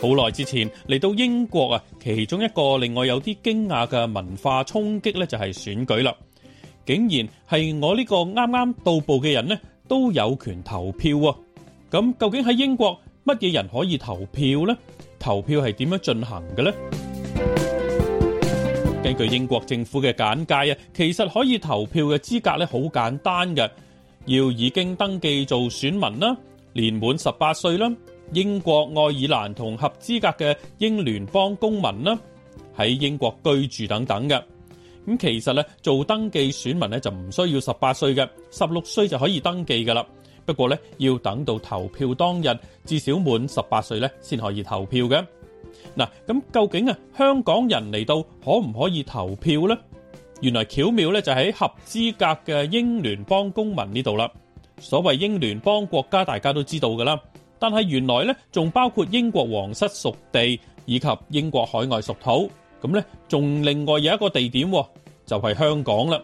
好耐之前嚟到英國啊，其中一個令我有啲驚訝嘅文化衝擊就係選舉啦，竟然係我呢個啱啱到步嘅人呢，都有權投票啊。噉究竟喺英國乜嘢人可以投票呢？投票係點樣進行嘅呢？根據英國政府嘅簡介啊，其實可以投票嘅資格咧好簡單嘅，要已經登記做選民啦，年滿十八歲啦，英國、愛爾蘭同合資格嘅英聯邦公民啦，喺英國居住等等嘅。咁其實咧做登記選民咧就唔需要十八歲嘅，十六歲就可以登記噶啦。不過咧，要等到投票當日至少滿十八歲咧，先可以投票嘅。嗱，咁究竟啊，香港人嚟到可唔可以投票呢？原來巧妙咧就喺合資格嘅英聯邦公民呢度啦。所謂英聯邦國家，大家都知道噶啦，但係原來咧仲包括英國皇室屬地以及英國海外屬土，咁咧仲另外有一個地點，就係香港啦。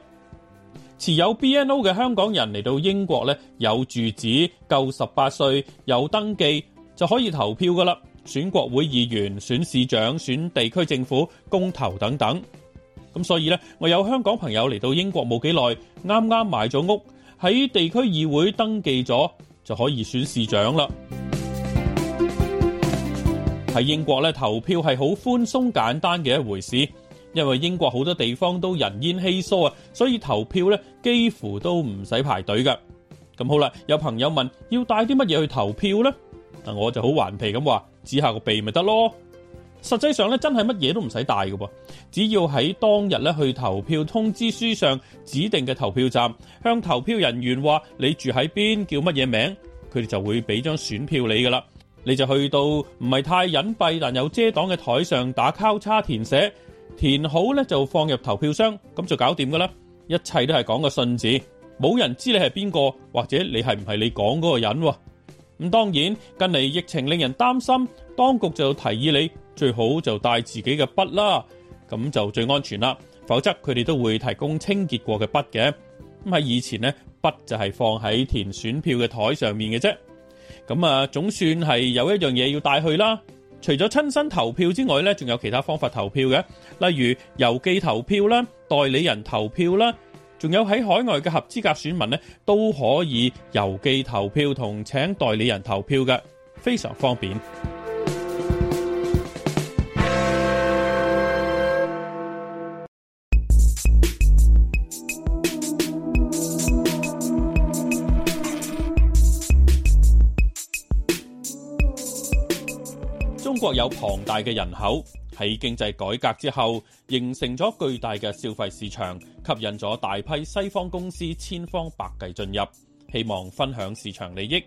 持有 BNO 嘅香港人嚟到英國咧，有住址、夠十八歲、有登記就可以投票㗎喇，選國會議員、選市長、選地區政府、公投等等。咁所以咧，我有香港朋友嚟到英國冇幾耐，啱啱買咗屋喺地區議會登記咗，就可以選市長啦。喺英國咧投票係好寬鬆簡單嘅一回事。因為英國好多地方都人煙稀疏啊，所以投票咧幾乎都唔使排隊㗎。咁好啦，有朋友問要帶啲乜嘢去投票呢？嗱，我就好頑皮咁話，指下個鼻咪得咯。實際上咧，真係乜嘢都唔使帶㗎喎，只要喺當日咧去投票通知書上指定嘅投票站，向投票人員話你住喺邊、叫乜嘢名，佢哋就會俾張選票你㗎喇。你就去到唔係太隱蔽但有遮擋嘅台上打交叉填寫。填好咧就放入投票箱，咁就搞掂噶啦。一切都係講個信字，冇人知你係邊個，或者你係唔係你講嗰個人。咁當然，近嚟疫情令人擔心，當局就提議你最好就帶自己嘅筆啦，咁就最安全啦。否則佢哋都會提供清潔過嘅筆嘅。咁喺以前呢，筆就係放喺填選票嘅台上面嘅啫。咁啊，總算係有一樣嘢要帶去啦。除咗親身投票之外咧，仲有其他方法投票嘅，例如郵寄投票啦、代理人投票啦，仲有喺海外嘅合資格選民咧，都可以郵寄投票同請代理人投票嘅，非常方便。國有龐大嘅人口喺經濟改革之後，形成咗巨大嘅消費市場，吸引咗大批西方公司千方百計進入，希望分享市場利益。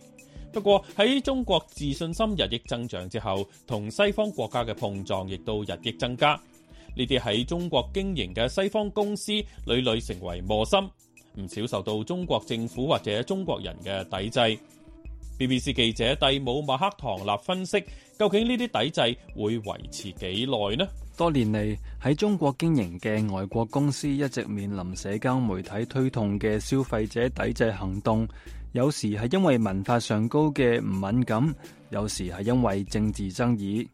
不過喺中國自信心日益增長之後，同西方國家嘅碰撞亦都日益增加。呢啲喺中國經營嘅西方公司屢屢成為磨心，唔少受到中國政府或者中國人嘅抵制。BBC 記者蒂姆麥克唐納分析。究竟呢啲抵制會維持幾耐呢？多年嚟喺中國經營嘅外國公司一直面臨社交媒體推動嘅消費者抵制行動，有時係因為文化上高嘅唔敏感，有時係因為政治爭議。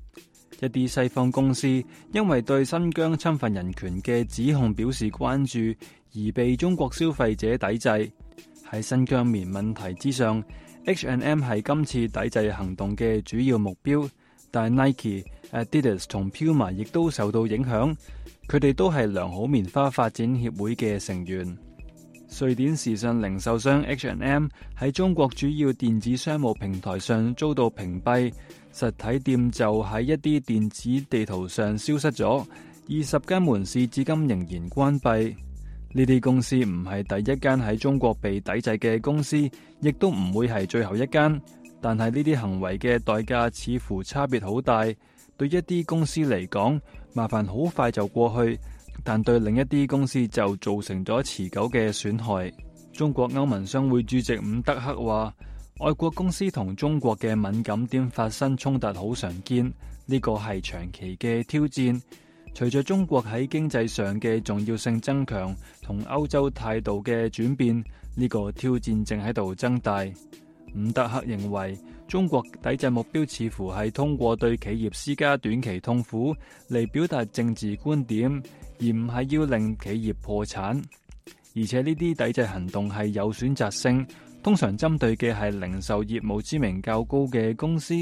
一啲西方公司因為對新疆侵犯人權嘅指控表示關注，而被中國消費者抵制。喺新疆棉問題之上，H&M 係今次抵制行動嘅主要目標。但 Nike、Adidas 同 Puma 亦都受到影響，佢哋都係良好棉花發展協會嘅成員。瑞典時尚零售商 H&M 喺中國主要電子商務平台上遭到屏蔽，實體店就喺一啲電子地圖上消失咗，二十間門市至今仍然關閉。呢啲公司唔係第一間喺中國被抵制嘅公司，亦都唔會係最後一間。但係呢啲行為嘅代價似乎差別好大，對一啲公司嚟講，麻煩好快就過去；但對另一啲公司就造成咗持久嘅損害。中國歐盟商會主席伍德克話，外國公司同中國嘅敏感點發生衝突好常見，呢個係長期嘅挑戰，隨着中國喺經濟上嘅重要性增強同歐洲態度嘅轉變，呢個挑戰正喺度增大。伍德克認為，中國抵制目標似乎係通過對企業施加短期痛苦嚟表達政治觀點，而唔係要令企業破產。而且呢啲抵制行動係有選擇性，通常針對嘅係零售業務知名度較高嘅公司。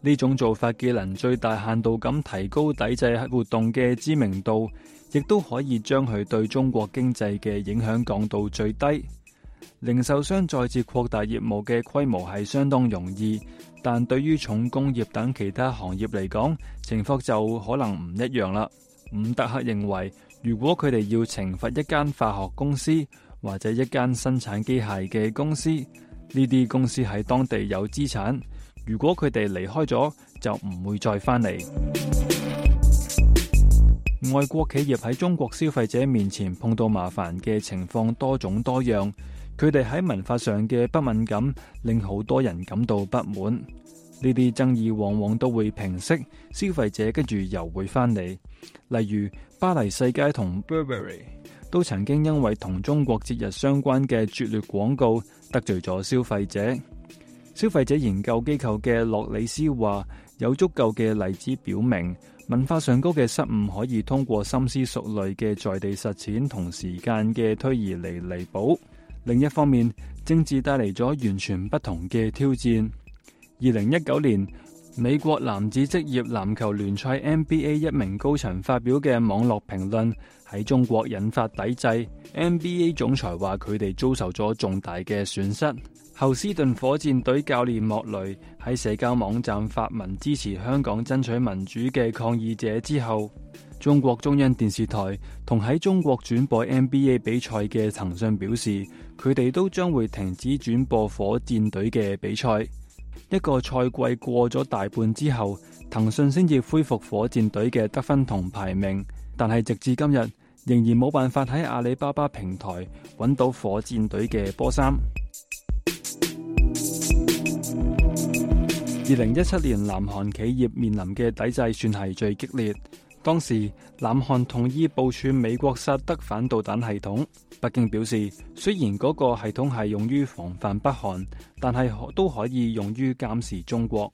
呢種做法既能最大限度咁提高抵制活動嘅知名度，亦都可以將佢對中國經濟嘅影響降到最低。零售商再次擴大業務嘅規模係相當容易，但對於重工業等其他行業嚟講，情況就可能唔一樣啦。伍德克認為，如果佢哋要懲罰一間化學公司或者一間生產機械嘅公司，呢啲公司喺當地有資產，如果佢哋離開咗，就唔會再翻嚟。外國企業喺中國消費者面前碰到麻煩嘅情況多種多樣。佢哋喺文化上嘅不敏感，令好多人感到不滿。呢啲爭議往往都會平息，消費者跟住又會翻嚟。例如巴黎世家同 Burberry 都曾經因為同中國節日相關嘅拙劣廣告得罪咗消費者。消費者研究機構嘅洛里斯話：有足夠嘅例子表明，文化上高嘅失誤可以通過深思熟慮嘅在地實踐同時間嘅推移嚟彌補。另一方面，政治帶嚟咗完全不同嘅挑戰。二零一九年，美國男子職業籃球聯賽 NBA 一名高層發表嘅網絡評論喺中國引發抵制，NBA 總裁話佢哋遭受咗重大嘅損失。侯斯頓火箭隊教練莫雷喺社交網站發文支持香港爭取民主嘅抗議者之後。中國中央電視台同喺中國轉播 NBA 比賽嘅騰訊表示，佢哋都將會停止轉播火箭隊嘅比賽。一個賽季過咗大半之後，騰訊先至恢復火箭隊嘅得分同排名，但係直至今日仍然冇辦法喺阿里巴巴平台揾到火箭隊嘅波衫。二零一七年，南韓企業面臨嘅抵制算係最激烈。當時，南韓同意部署美國薩德反導彈系統。北京表示，雖然嗰個系統係用於防範北韓，但係都可以用於監視中國。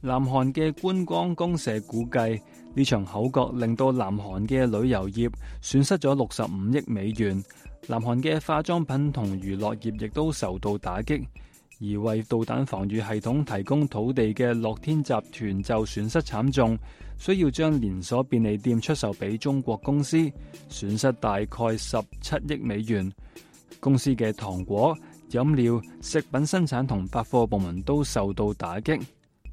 南韓嘅觀光公社估計，呢場口角令到南韓嘅旅遊業損失咗六十五億美元。南韓嘅化妝品同娛樂業亦都受到打擊。而為導彈防御系統提供土地嘅樂天集團就損失慘重，需要將連鎖便利店出售俾中國公司，損失大概十七億美元。公司嘅糖果、飲料、食品生產同百貨部門都受到打擊。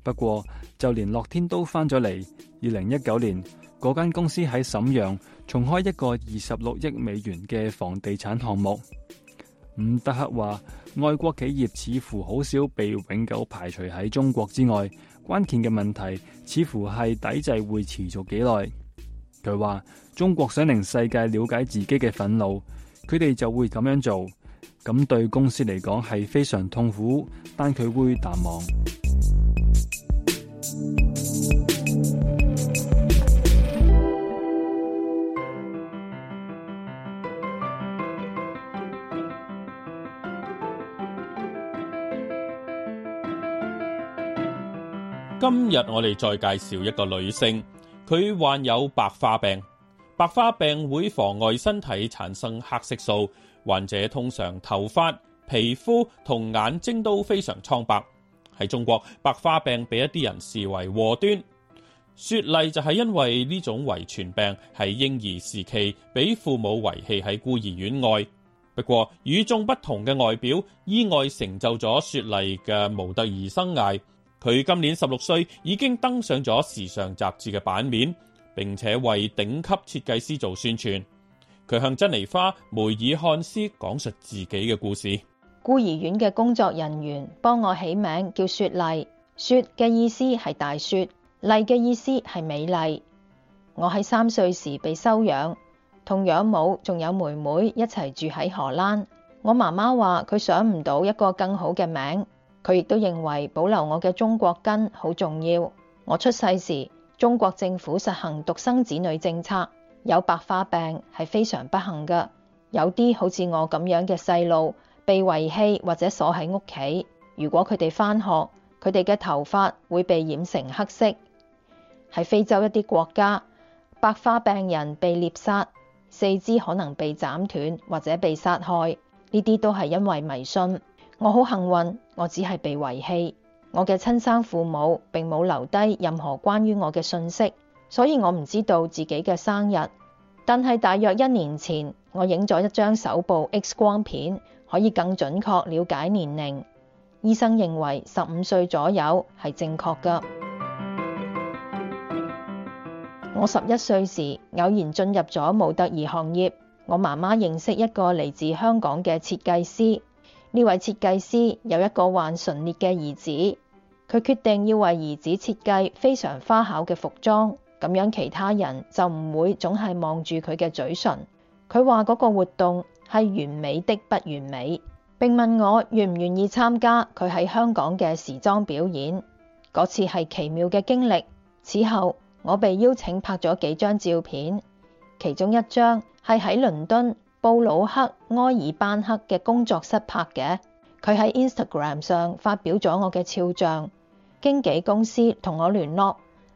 不過就連樂天都翻咗嚟。二零一九年，嗰間公司喺沈陽重開一個二十六億美元嘅房地產項目。伍德克話。外國企業似乎好少被永久排除喺中國之外，關鍵嘅問題似乎係抵制會持續幾耐。佢話：中國想令世界了解自己嘅憤怒，佢哋就會咁樣做，咁對公司嚟講係非常痛苦，但佢會淡忘。今日我哋再介紹一個女性，佢患有白化病。白化病會妨礙身體產生黑色素，患者通常頭髮、皮膚同眼睛都非常蒼白。喺中國，白化病俾一啲人視為禍端。雪麗就係因為呢種遺傳病，喺嬰兒時期俾父母遺棄喺孤兒院外。不過，與眾不同嘅外表，意外成就咗雪麗嘅模特兒生涯。佢今年十六歲，已經登上咗時尚雜誌嘅版面，並且為頂級設計師做宣傳。佢向珍妮花梅爾漢斯講述自己嘅故事。孤兒院嘅工作人員幫我起名叫雪麗，雪嘅意思係大雪，麗嘅意思係美麗。我喺三歲時被收養，同養母仲有妹妹一齊住喺荷蘭。我媽媽話佢想唔到一個更好嘅名。佢亦都認為保留我嘅中國根好重要。我出世時，中國政府實行獨生子女政策，有白化病係非常不幸㗎。有啲好似我咁樣嘅細路被遺棄或者鎖喺屋企。如果佢哋翻學，佢哋嘅頭髮會被染成黑色。喺非洲一啲國家，白化病人被獵殺，四肢可能被斬斷或者被殺害。呢啲都係因為迷信。我好幸運，我只係被遺棄，我嘅親生父母並冇留低任何關於我嘅信息，所以我唔知道自己嘅生日。但係大約一年前，我影咗一張手部 X 光片，可以更準確了解年齡。醫生認為十五歲左右係正確㗎。我十一歲時偶然進入咗模特兒行業，我媽媽認識一個嚟自香港嘅設計師。呢位設計師有一個患唇裂嘅兒子，佢決定要為兒子設計非常花巧嘅服裝，咁樣其他人就唔會總係望住佢嘅嘴唇。佢話嗰個活動係完美的不完美，並問我願唔願意參加佢喺香港嘅時裝表演，嗰次係奇妙嘅經歷。此後我被邀請拍咗幾張照片，其中一張係喺倫敦。布魯克·埃爾班克嘅工作室拍嘅，佢喺 Instagram 上發表咗我嘅肖像。經紀公司同我聯絡，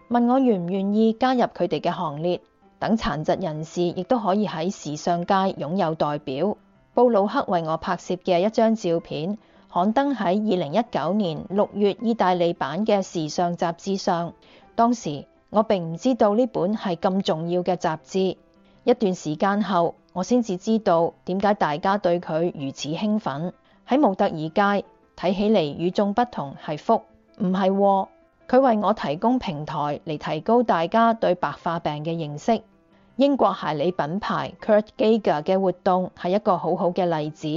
問我願唔願意加入佢哋嘅行列，等殘疾人士亦都可以喺時尚界擁有代表。布魯克為我拍攝嘅一張照片刊登喺二零一九年六月意大利版嘅時尚雜誌上，當時我並唔知道呢本係咁重要嘅雜誌。一段時間後。我先至知道點解大家對佢如此興奮，喺模特兒街睇起嚟與眾不同，係福唔係？佢、哦、為我提供平台嚟提高大家對白化病嘅認識。英國鞋履品牌 Kurt Geiger 嘅活動係一個好好嘅例子。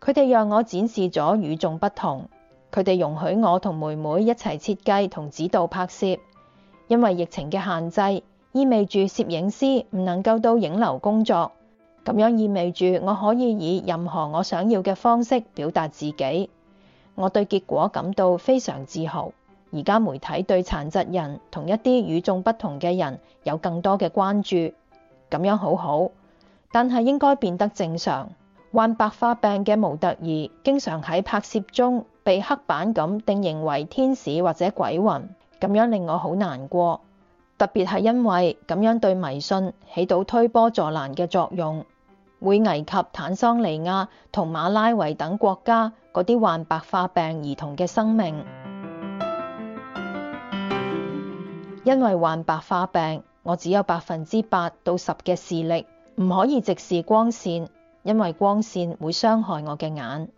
佢哋讓我展示咗與眾不同。佢哋容許我同妹妹一齊設計同指導拍攝，因為疫情嘅限制意味住攝影師唔能夠到影樓工作。咁樣意味住我可以以任何我想要嘅方式表達自己，我對結果感到非常自豪。而家媒體對殘疾人同一啲與眾不同嘅人有更多嘅關注，咁樣好好，但係應該變得正常。患白化病嘅模特兒經常喺拍攝中被黑板咁定型為天使或者鬼魂，咁樣令我好難過，特別係因為咁樣對迷信起到推波助瀾嘅作用。會危及坦桑尼亞同馬拉維等國家嗰啲患白化病兒童嘅生命。因為患白化病，我只有百分之八到十嘅視力，唔可以直視光線，因為光線會傷害我嘅眼。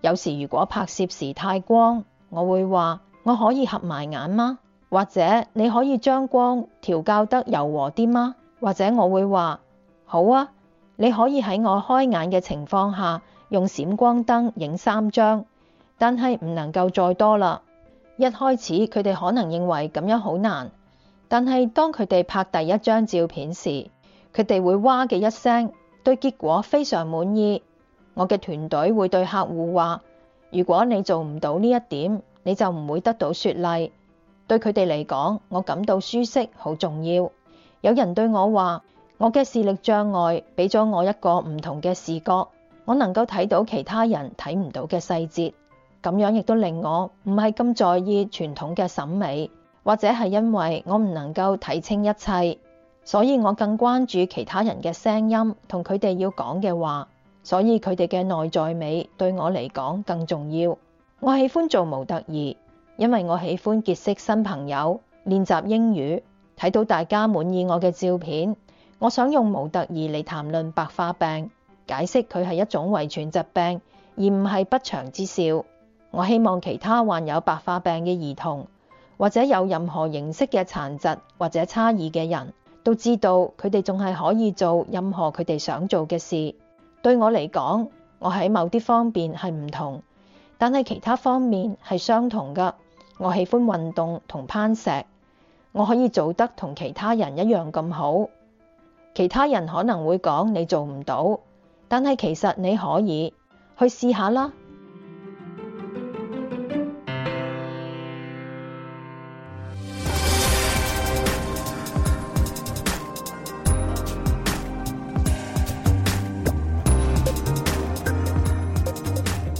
有時如果拍攝時太光，我會話我可以合埋眼嗎？或者你可以將光調校得柔和啲嗎？或者我會話好啊。你可以喺我開眼嘅情況下用閃光燈影三張，但係唔能夠再多啦。一開始佢哋可能認為咁樣好難，但係當佢哋拍第一張照片時，佢哋會哇嘅一聲，對結果非常滿意。我嘅團隊會對客戶話：如果你做唔到呢一點，你就唔會得到雪麗。對佢哋嚟講，我感到舒適好重要。有人對我話。我嘅視力障礙俾咗我一個唔同嘅視角，我能夠睇到其他人睇唔到嘅細節，咁樣亦都令我唔係咁在意傳統嘅審美，或者係因為我唔能夠睇清一切，所以我更關注其他人嘅聲音同佢哋要講嘅話，所以佢哋嘅內在美對我嚟講更重要。我喜歡做模特兒，因為我喜歡結識新朋友，練習英語，睇到大家滿意我嘅照片。我想用模特兒嚟談論白化病，解釋佢係一種遺傳疾病，而唔係不祥之兆。我希望其他患有白化病嘅兒童或者有任何形式嘅殘疾或者差異嘅人都知道，佢哋仲係可以做任何佢哋想做嘅事。對我嚟講，我喺某啲方面係唔同，但係其他方面係相同㗎。我喜歡運動同攀石，我可以做得同其他人一樣咁好。其他人可能會講你做唔到，但係其實你可以去試下啦。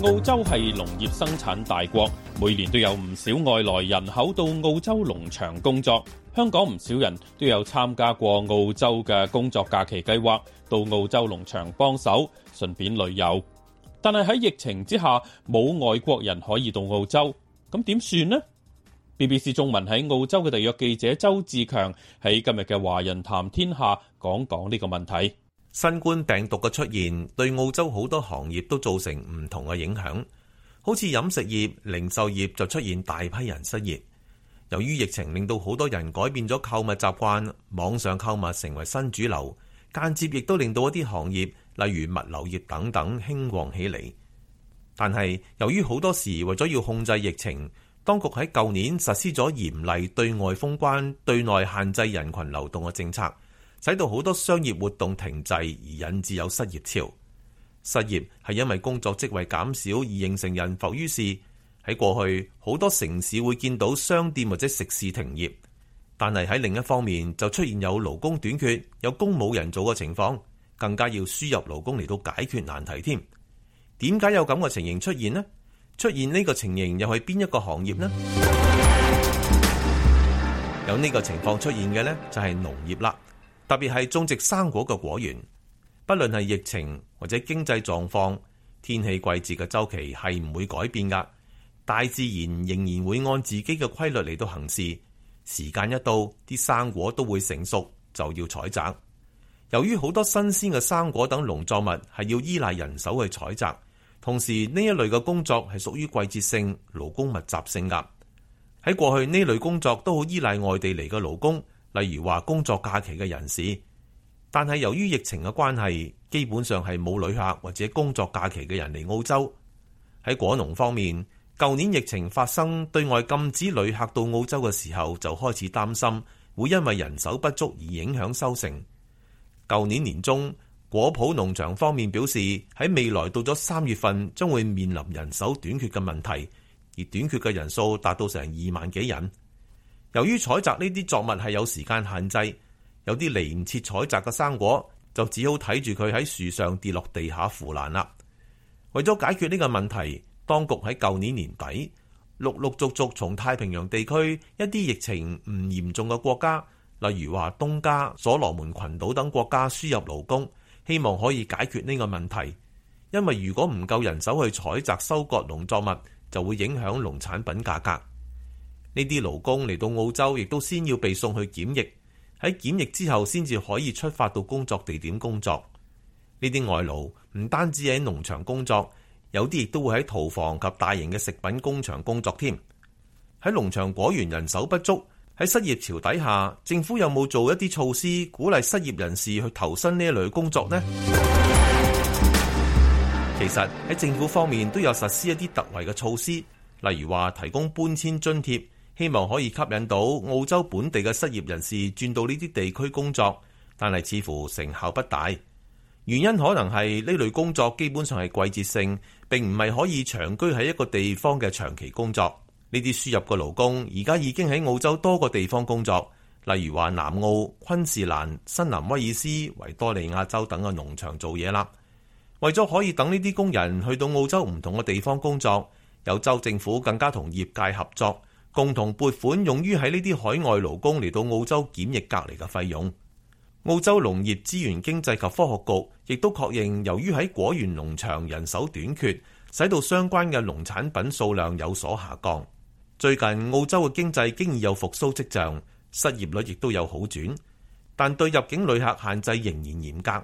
澳洲係農業生產大國，每年都有唔少外來人口到澳洲農場工作。香港唔少人都有參加過澳洲嘅工作假期計劃，到澳洲農場幫手，順便旅遊。但係喺疫情之下，冇外國人可以到澳洲，咁點算呢？BBC 中文喺澳洲嘅特約記者周志強喺今日嘅《華人談天下》講講呢個問題。新冠病毒嘅出現對澳洲好多行業都造成唔同嘅影響，好似飲食業、零售業就出現大批人失業。由於疫情令到好多人改變咗購物習慣，網上購物成為新主流，間接亦都令到一啲行業，例如物流業等等興旺起嚟。但係由於好多時為咗要控制疫情，當局喺舊年實施咗嚴厲對外封關、對內限制人群流動嘅政策。使到好多商業活動停滯，而引致有失業潮。失業係因為工作職位減少而形成人浮於事。喺過去，好多城市會見到商店或者食肆停業，但係喺另一方面就出現有勞工短缺、有工冇人做嘅情況，更加要輸入勞工嚟到解決難題添。點解有咁嘅情形出現呢？出現呢個情形又係邊一個行業呢？有呢個情況出現嘅呢，就係農業啦。特別係種植生果嘅果園，不論係疫情或者經濟狀況，天氣季節嘅週期係唔會改變㗎。大自然仍然會按自己嘅規律嚟到行事。時間一到，啲生果都會成熟，就要採摘。由於好多新鮮嘅生果等農作物係要依賴人手去採摘，同時呢一類嘅工作係屬於季節性、勞工密集性㗎。喺過去呢類工作都好依賴外地嚟嘅勞工。例如話工作假期嘅人士，但係由於疫情嘅關係，基本上係冇旅客或者工作假期嘅人嚟澳洲。喺果農方面，舊年疫情發生，對外禁止旅客到澳洲嘅時候，就開始擔心會因為人手不足而影響收成。舊年年中，果圃農場方面表示，喺未來到咗三月份，將會面臨人手短缺嘅問題，而短缺嘅人數達到成二萬幾人。由於採摘呢啲作物係有時間限制，有啲嚟唔切採摘嘅生果，就只好睇住佢喺樹上跌落地下腐爛啦。為咗解決呢個問題，當局喺舊年年底陸陸續續從太平洋地區一啲疫情唔嚴重嘅國家，例如話東加、所羅門群島等國家輸入勞工，希望可以解決呢個問題。因為如果唔夠人手去採摘、收割農作物，就會影響農產品價格。呢啲勞工嚟到澳洲，亦都先要被送去檢疫。喺檢疫之後，先至可以出發到工作地點工作。呢啲外勞唔單止喺農場工作，有啲亦都會喺屠房及大型嘅食品工場工作添。喺農場果園人手不足，喺失業潮底下，政府有冇做一啲措施鼓勵失業人士去投身呢一類工作呢？其實喺政府方面都有實施一啲特惠嘅措施，例如話提供搬遷津貼。希望可以吸引到澳洲本地嘅失業人士轉到呢啲地區工作，但係似乎成效不大。原因可能係呢類工作基本上係季節性，並唔係可以長居喺一個地方嘅長期工作。呢啲輸入嘅勞工而家已經喺澳洲多個地方工作，例如話南澳、昆士蘭、新南威爾斯、維多利亞州等嘅農場做嘢啦。為咗可以等呢啲工人去到澳洲唔同嘅地方工作，有州政府更加同業界合作。共同撥款用於喺呢啲海外勞工嚟到澳洲檢疫隔離嘅費用。澳洲農業資源經濟及科學局亦都確認，由於喺果園農場人手短缺，使到相關嘅農產品數量有所下降。最近澳洲嘅經濟經已有復甦跡象，失業率亦都有好轉，但對入境旅客限制仍然嚴格。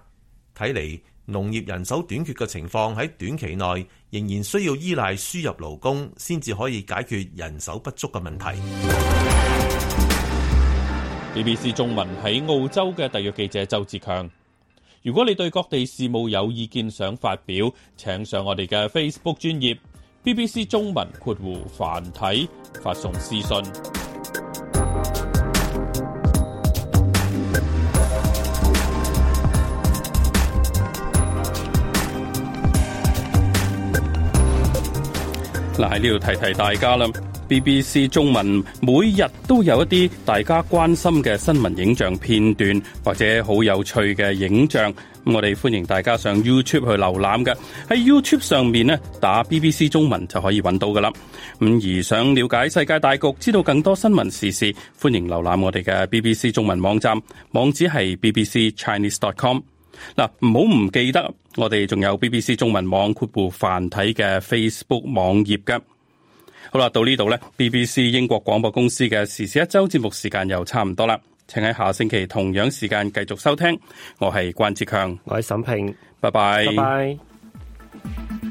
睇嚟，農業人手短缺嘅情況喺短期內仍然需要依賴輸入勞工，先至可以解決人手不足嘅問題。BBC 中文喺澳洲嘅特約記者周志強，如果你對各地事務有意見想發表，請上我哋嘅 Facebook 專頁，BBC 中文括弧繁體發送私信。嗱，喺呢度提提大家啦，BBC 中文每日都有一啲大家關心嘅新聞影像片段，或者好有趣嘅影像，我哋歡迎大家上 YouTube 去瀏覽嘅。喺 YouTube 上面咧，打 BBC 中文就可以揾到噶啦。咁而想了解世界大局，知道更多新聞時事，歡迎瀏覽我哋嘅 BBC 中文網站，網址係 BBC Chinese dot com。嗱，唔好唔記得，我哋仲有 BBC 中文網括弧繁體嘅 Facebook 網頁嘅。好啦，到呢度呢，BBC 英國廣播公司嘅時事一周節目時間又差唔多啦，請喺下星期同樣時間繼續收聽。我係關智強，我係沈平，拜拜 bye，拜拜。